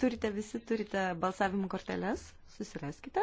turite, visi turite balsavimo korteles, susiraskite.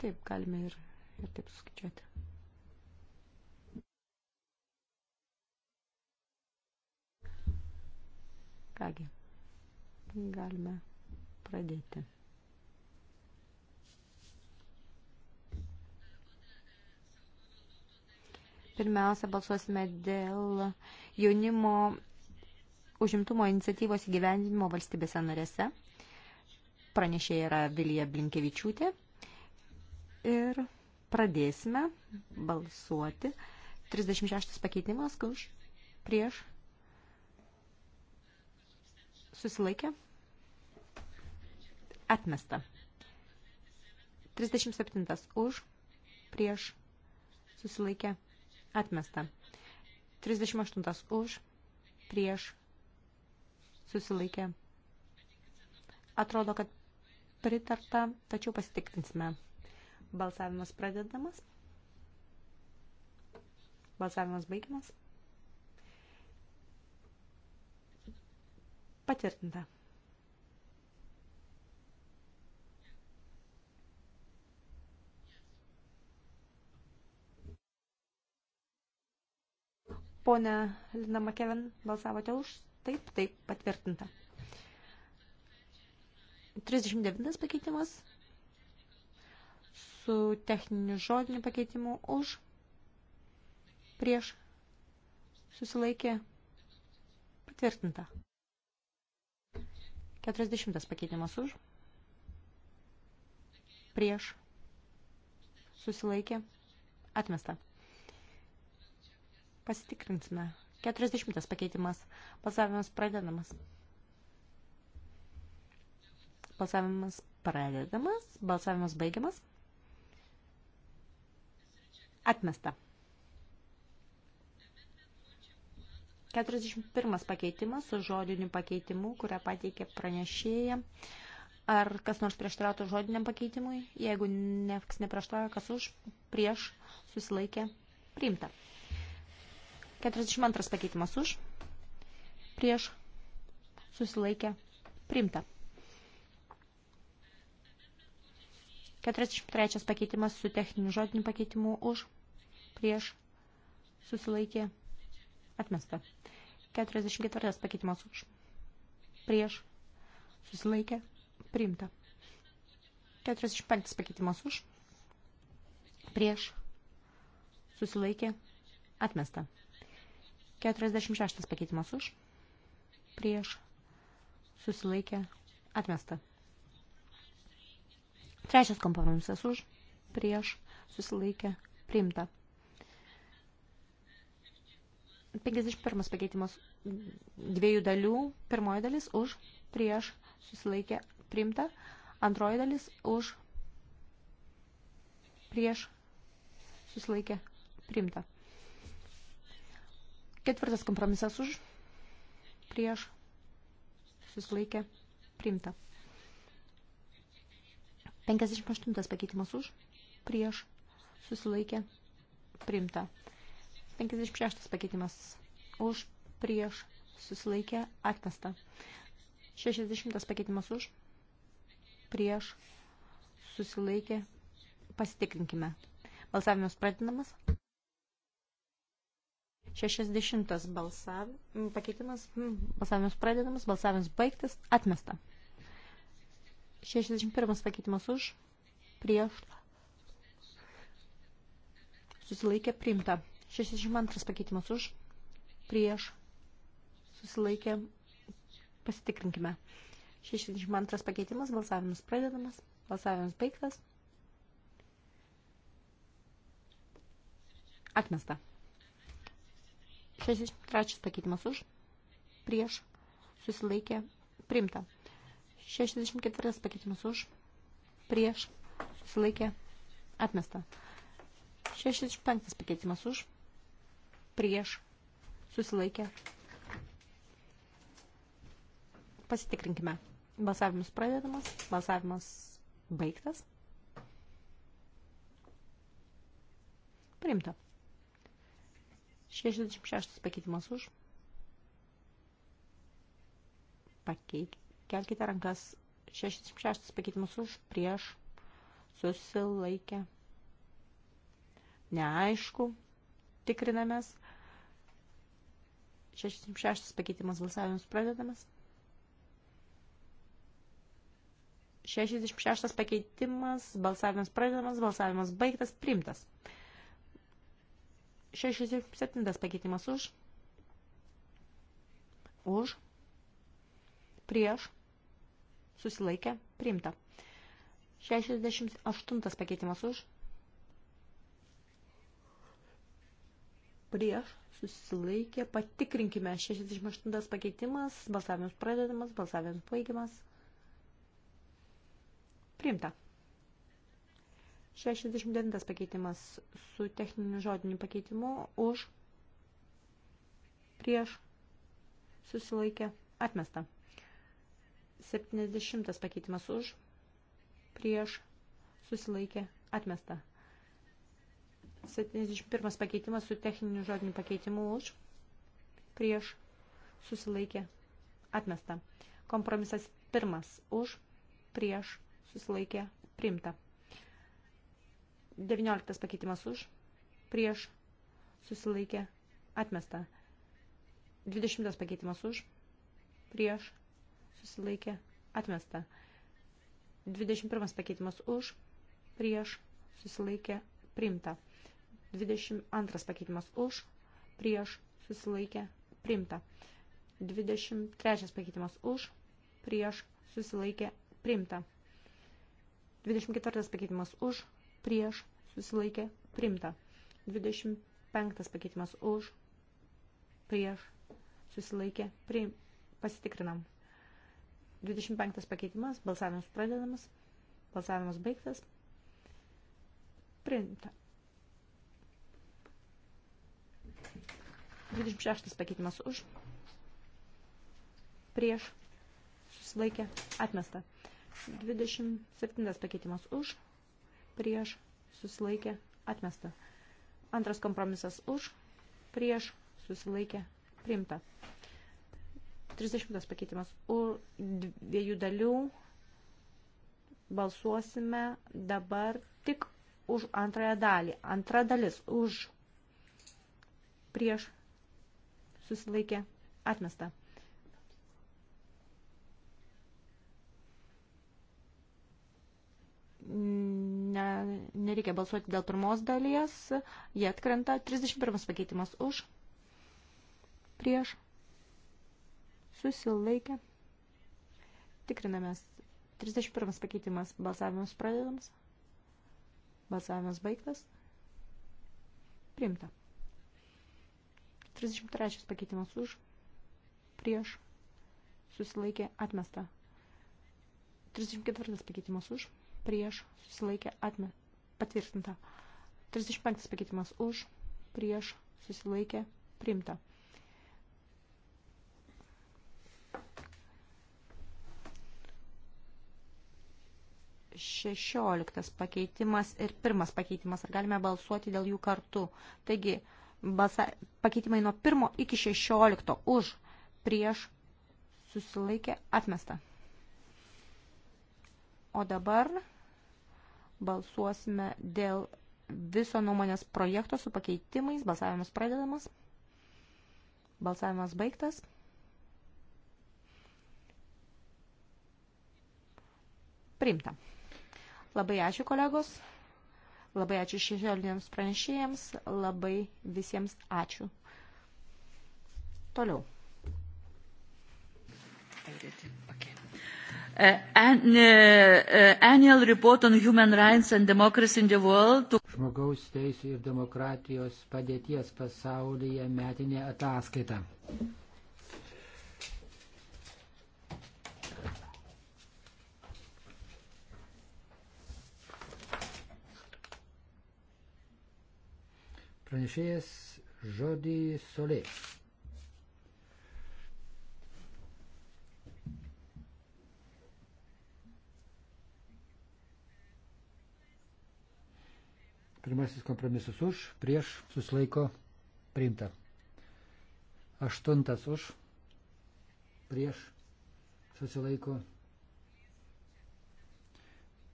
Taip, galime ir, ir taip suskaičiuoti. Kągi, galime pradėti. Pirmiausia, balsuosime dėl jaunimo užimtumo iniciatyvos įgyvendinimo valstybėse narėse. Pranešėja yra Vilija Blinkevičiūtė. Ir pradėsime balsuoti. 36 pakeitimas už prieš susilaikė. Atmesta. 37 už prieš susilaikė Atmesta. 38 už, prieš, susilaikė. Atrodo, kad pritarta, tačiau pasitiktinsime. Balsavimas pradedamas. Balsavimas baigiamas. Patvirtinta. Pone Lina Makeven, balsavote už? Taip, taip, patvirtinta. 39 pakeitimas su techniniu žodiniu pakeitimu už, prieš, susilaikė, patvirtinta. 40 pakeitimas už, prieš, susilaikė, atmesta. Pasitikrinsime. 40 pakeitimas. Balsavimas pradedamas. Balsavimas pradedamas. Balsavimas baigiamas. Atmesta. 41 pakeitimas su žodiniu pakeitimu, kurią pateikė pranešėja. Ar kas nors prieštarautų žodiniam pakeitimui? Jeigu ne, neprieštarauja, kas už, prieš, susilaikė, priimta. 42 pakeitimas už, prieš, susilaikė, priimta. 43 pakeitimas su techniniu žodiniu pakeitimu už, prieš, susilaikė, atmesta. 44 pakeitimas už, prieš, susilaikė, priimta. 45 pakeitimas už, prieš, susilaikė, atmesta. 46 pakeitimas už, prieš, susilaikė, atmesta. Trečias kompromisas už, prieš, susilaikė, priimta. 51 pakeitimas dviejų dalių, pirmoji dalis už, prieš, susilaikė, priimta, antroji dalis už, prieš, susilaikė, priimta. Ketvirtas kompromisas už, prieš, susilaikė, priimta. 58 pakeitimas už, prieš, susilaikė, priimta. 56 pakeitimas už, prieš, susilaikė, atmesta. 60 pakeitimas už, prieš, susilaikė, pasitikrinkime. Balsavimas pradinamas. 60 balsav... pakeitimas, balsavimas pradedamas, balsavimas baigtas, atmesta. 61 pakeitimas už, prieš, susilaikė priimta. 62 pakeitimas už, prieš, susilaikė, pasitikrinkime. 62 pakeitimas, balsavimas pradedamas, balsavimas baigtas. Atmesta. 63 pakeitimas už, prieš, susilaikė, priimta. 64 pakeitimas už, prieš, susilaikė, atmesta. 65 pakeitimas už, prieš, susilaikė. Pasitikrinkime. Balsavimas pradedamas, balsavimas baigtas. Priimta. 66 pakeitimas už. Pakeik. Kelkite rankas. 66 pakeitimas už, prieš, susilaikę. Neaišku. Tikrinamės. 66 pakeitimas balsavimas pradedamas. 66 pakeitimas, balsavimas pradedamas, balsavimas baigtas, primtas. 67 pakeitimas už. Už. Prieš. Susilaikė. Priimta. 68 pakeitimas už. Prieš. Susilaikė. Patikrinkime. 68 pakeitimas. Balsavimas pradedamas. Balsavimas baigiamas. Priimta. 69 pakeitimas su techniniu žodiniu pakeitimu už prieš susilaikė atmesta. 70 pakeitimas už prieš susilaikė atmesta. 71 pakeitimas su techniniu žodiniu pakeitimu už prieš susilaikė atmesta. Kompromisas pirmas už prieš susilaikė primta. 19 pakeitimas už, prieš, susilaikė, atmesta. 20 pakeitimas už, prieš, susilaikė, atmesta. 21 pakeitimas už, prieš, susilaikė, primta. 22 pakeitimas už, prieš, susilaikė, primta. 23 pakeitimas už, prieš, susilaikė, primta. 24 pakeitimas už, prieš, susilaikė, primta. 25 pakeitimas už, prieš, susilaikė, prim, pasitikrinam. 25 pakeitimas, balsavimas pradedamas, balsavimas baigtas, primta. 26 pakeitimas už, prieš, susilaikė, atmesta. 27 pakeitimas už, prieš, susilaikė, atmesta. Antras kompromisas už, prieš, susilaikė, priimta. 30 pakeitimas. U dviejų dalių balsuosime dabar tik už antrąją dalį. Antra dalis už, prieš, susilaikė, atmesta. nereikia balsuoti dėl pirmos dalies, jie atkrenta. 31 pakeitimas už, prieš, susilaikė. Tikrinamės. 31 pakeitimas balsavimas pradedamas. Balsavimas baigtas. Priimta. 33 pakeitimas už, prieš, susilaikė, atmesta. 34 pakeitimas už, prieš, susilaikė, atmesta. Patvirtinta. 35 pakeitimas už, prieš, susilaikė, priimta. Šešioliktas pakeitimas ir pirmas pakeitimas. Ar galime balsuoti dėl jų kartu? Taigi, balsa, pakeitimai nuo pirmo iki šešiolikto už, prieš, susilaikė, atmesta. O dabar balsuosime dėl viso nuomonės projekto su pakeitimais. Balsavimas pradedamas. Balsavimas baigtas. Priimta. Labai ačiū kolegos, labai ačiū šešėlinėms pranešėjams, labai visiems ačiū. Toliau. Thank you. Uh, an, uh, uh, annual report on human rights and democracy in the world. To... Žmogaus teisų ir demokratijos padėties pasaulyje metinė ataskaita. Pranešėjas žodį solės. Pirmasis kompromisas už, prieš, susilaiko, priimta. Aštuntas už, prieš, susilaiko,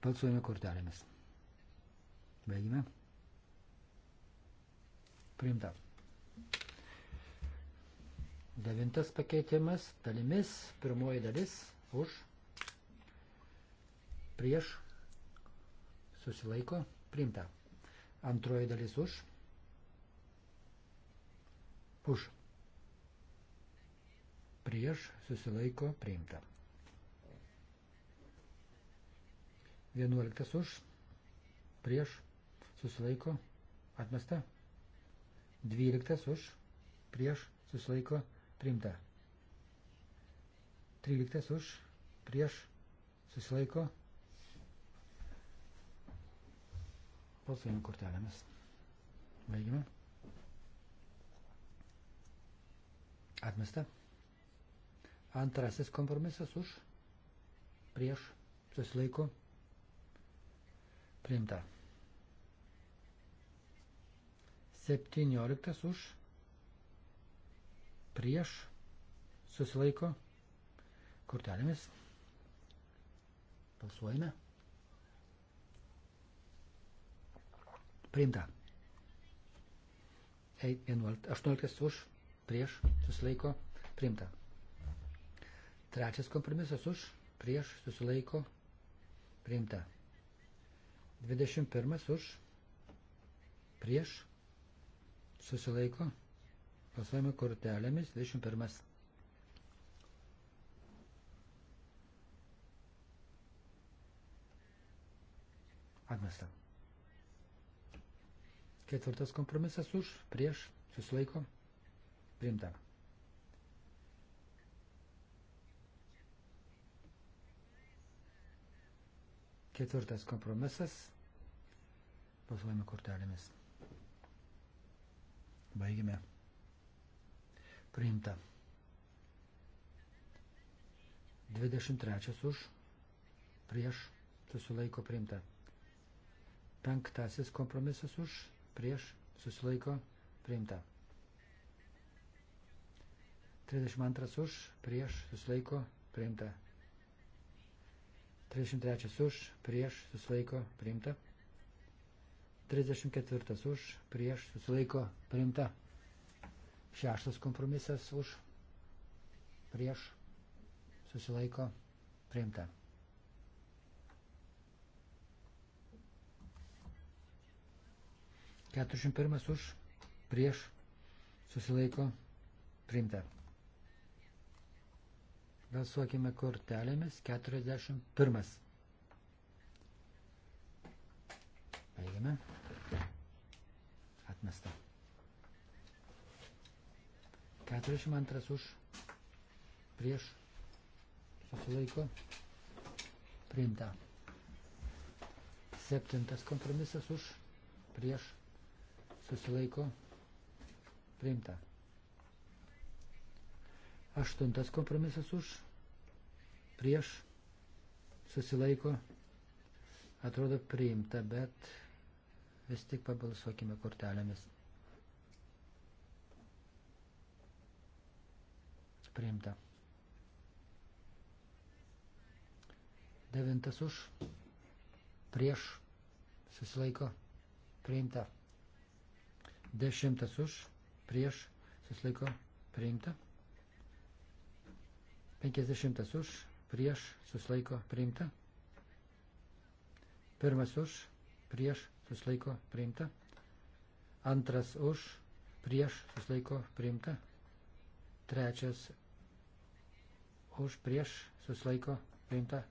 balsuojame kortelėmis. Baigime. Priimta. Devintas pakeitimas dalimis, pirmoji dalis už, prieš, susilaiko, priimta. Antroji dalis už. Už. Prieš susilaiko priimta. 11 už. Prieš susilaiko atmesta. 12 už. Prieš susilaiko priimta. 13 už. Prieš susilaiko atmesta. Balsuojame kortelėmis. Baigime. Atmesta. Antrasis kompromisas už, prieš, susilaiko, priimta. 17 už, prieš, susilaiko, kortelėmis. Balsuojame. priimta. 18 už, prieš, susilaiko, priimta. Trečias kompromisas už, prieš, susilaiko, priimta. 21 už, prieš, susilaiko, pasuojame kortelėmis, 21. Atmestam. Ketvirtas kompromisas už, prieš, susilaiko, priimta. Ketvirtas kompromisas, balsuojame kortelėmis. Baigime. Priimta. 23 už, prieš, susilaiko priimta. Penktasis kompromisas už, prieš susilaiko priimta. 32 už prieš susilaiko priimta. 33 už prieš susilaiko priimta. 34 už prieš susilaiko priimta. Šeštas kompromisas už prieš susilaiko priimta. 41 už, prieš, susilaiko, priimta. Balsuokime kortelėmis, 41. Baigiame. Atmesta. 42 už, prieš, susilaiko, priimta. Septintas kompromisas už, prieš, susilaiko priimta. Aštuntas kompromisas už, prieš, susilaiko, atrodo priimta, bet vis tik pabalsuokime kortelėmis. Priimta. Devintas už, prieš, susilaiko, priimta. Dešimtas už, prieš, susilaiko priimta. Penkisdešimtas už, prieš, susilaiko priimta. Pirmas už, prieš, susilaiko priimta. Antras už, prieš, susilaiko priimta. Trečias už, prieš, susilaiko priimta.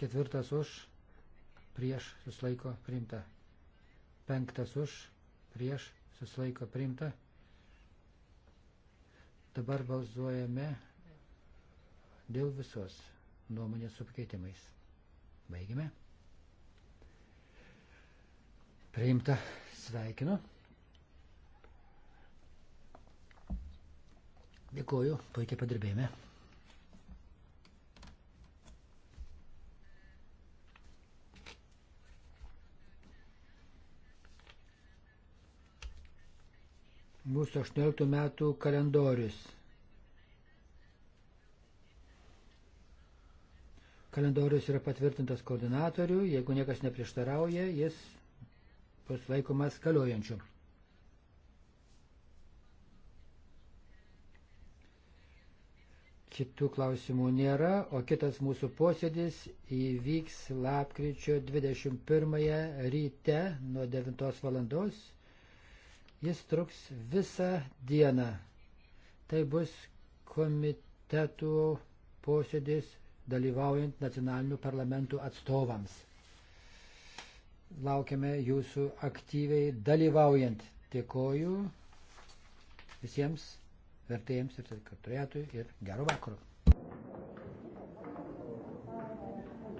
Ketvirtas už, prieš, susilaiko priimta. Penktas už, prieš susilaiko priimta. Dabar balsuojame dėl visos nuomonės su pakeitimais. Baigime. Priimta. Sveikinu. Dėkuoju, puikiai padirbėjome. mūsų 18 metų kalendorius. Kalendorius yra patvirtintas koordinatorių, jeigu niekas neprieštarauja, jis bus laikomas galiojančiu. Kitų klausimų nėra, o kitas mūsų posėdis įvyks lapkričio 21 ryte nuo 9 valandos. Jis truks visą dieną. Tai bus komitetų posėdis dalyvaujant nacionalinių parlamentų atstovams. Laukiame jūsų aktyviai dalyvaujant. Dėkoju visiems vertėjams ir sekretoriatui ir gero vakaro.